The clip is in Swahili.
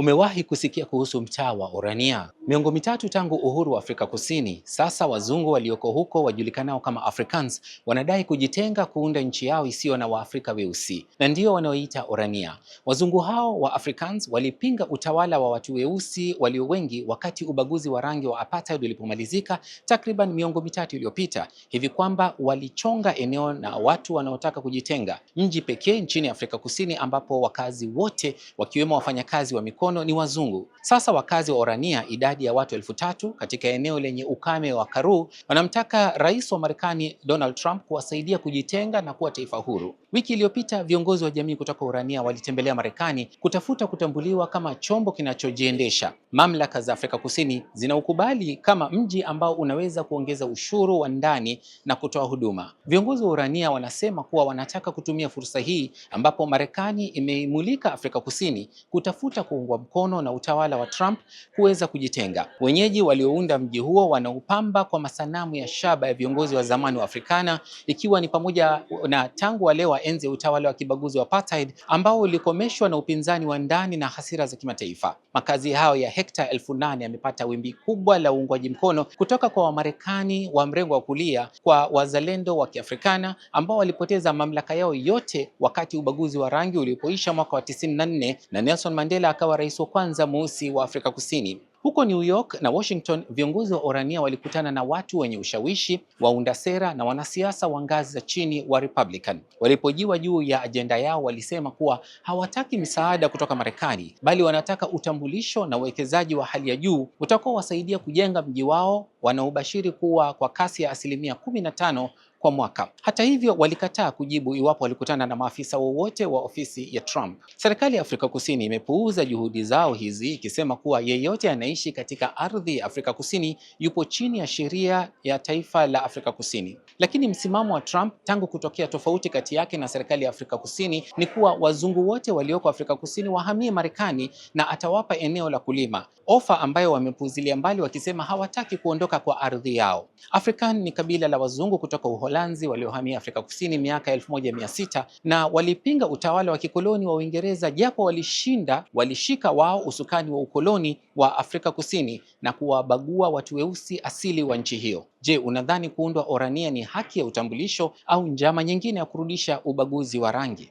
Umewahi kusikia kuhusu mtaa wa Orania? Miongo mitatu tangu uhuru wa Afrika Kusini, sasa wazungu walioko huko wajulikanao kama Africans wanadai kujitenga kuunda nchi yao isiyo na Waafrika weusi na ndio wanaoita Orania. Wazungu hao wa Africans walipinga utawala wa watu weusi walio wengi wakati ubaguzi wa rangi wa apartheid ulipomalizika takriban miongo mitatu iliyopita, hivi kwamba walichonga eneo na watu wanaotaka kujitenga, mji pekee nchini Afrika Kusini ambapo wakazi wote wakiwemo wafanyakazi wa mikono mkono ni wazungu. Sasa wakazi wa Orania, idadi ya watu elfu tatu katika eneo lenye ukame wa Karoo, wanamtaka rais wa Marekani Donald Trump kuwasaidia kujitenga na kuwa taifa huru. Wiki iliyopita viongozi wa jamii kutoka Orania walitembelea Marekani kutafuta kutambuliwa kama chombo kinachojiendesha. Mamlaka za Afrika Kusini zinaukubali kama mji ambao unaweza kuongeza ushuru wa ndani na kutoa huduma. Viongozi wa Orania wanasema kuwa wanataka kutumia fursa hii ambapo Marekani imeimulika Afrika Kusini kutafuta kuungwa mkono na utawala wa Trump kuweza kujitenga. Wenyeji waliounda mji huo wanaupamba kwa masanamu ya shaba ya viongozi wa zamani wa Afrikana, ikiwa ni pamoja na tangu wale wa enzi ya utawala wa kibaguzi wa apartheid ambao ulikomeshwa na upinzani wa ndani na hasira za kimataifa. Makazi hayo ya hekta elfu nane yamepata wimbi kubwa la uungwaji mkono kutoka kwa Wamarekani wa mrengo wa kulia kwa wazalendo wa Kiafrikana ambao walipoteza mamlaka yao yote wakati ubaguzi wa rangi ulipoisha mwaka wa 94 na Nelson Mandela akawa rais wa kwanza mweusi wa Afrika Kusini. Huko New York na Washington, viongozi wa Orania walikutana na watu wenye ushawishi, waunda sera na wanasiasa wa ngazi za chini wa Republican. Walipojiwa juu ya ajenda yao, walisema kuwa hawataki misaada kutoka Marekani, bali wanataka utambulisho na uwekezaji wa hali ya juu utakaowasaidia kujenga mji wao wanaobashiri kuwa kwa kasi ya asilimia kumi na tano kwa mwaka. Hata hivyo, walikataa kujibu iwapo walikutana na maafisa wowote wa ofisi ya Trump. Serikali ya Afrika Kusini imepuuza juhudi zao hizi ikisema kuwa yeyote anaishi katika ardhi ya Afrika Kusini yupo chini ya sheria ya taifa la Afrika Kusini. Lakini msimamo wa Trump tangu kutokea tofauti kati yake na serikali ya Afrika Kusini ni kuwa wazungu wote walioko Afrika Kusini wahamie Marekani na atawapa eneo la kulima, ofa ambayo wamepuuzilia mbali wakisema hawataki kuondoka kwa ardhi yao. afrikan ni kabila la wazungu kutoka Uholanzi Waholanzi waliohamia Afrika Kusini miaka 1600 na walipinga utawala wa kikoloni wa Uingereza, japo walishinda, walishika wao usukani wa ukoloni wa Afrika Kusini na kuwabagua watu weusi asili wa nchi hiyo. Je, unadhani kuundwa Orania ni haki ya utambulisho au njama nyingine ya kurudisha ubaguzi wa rangi?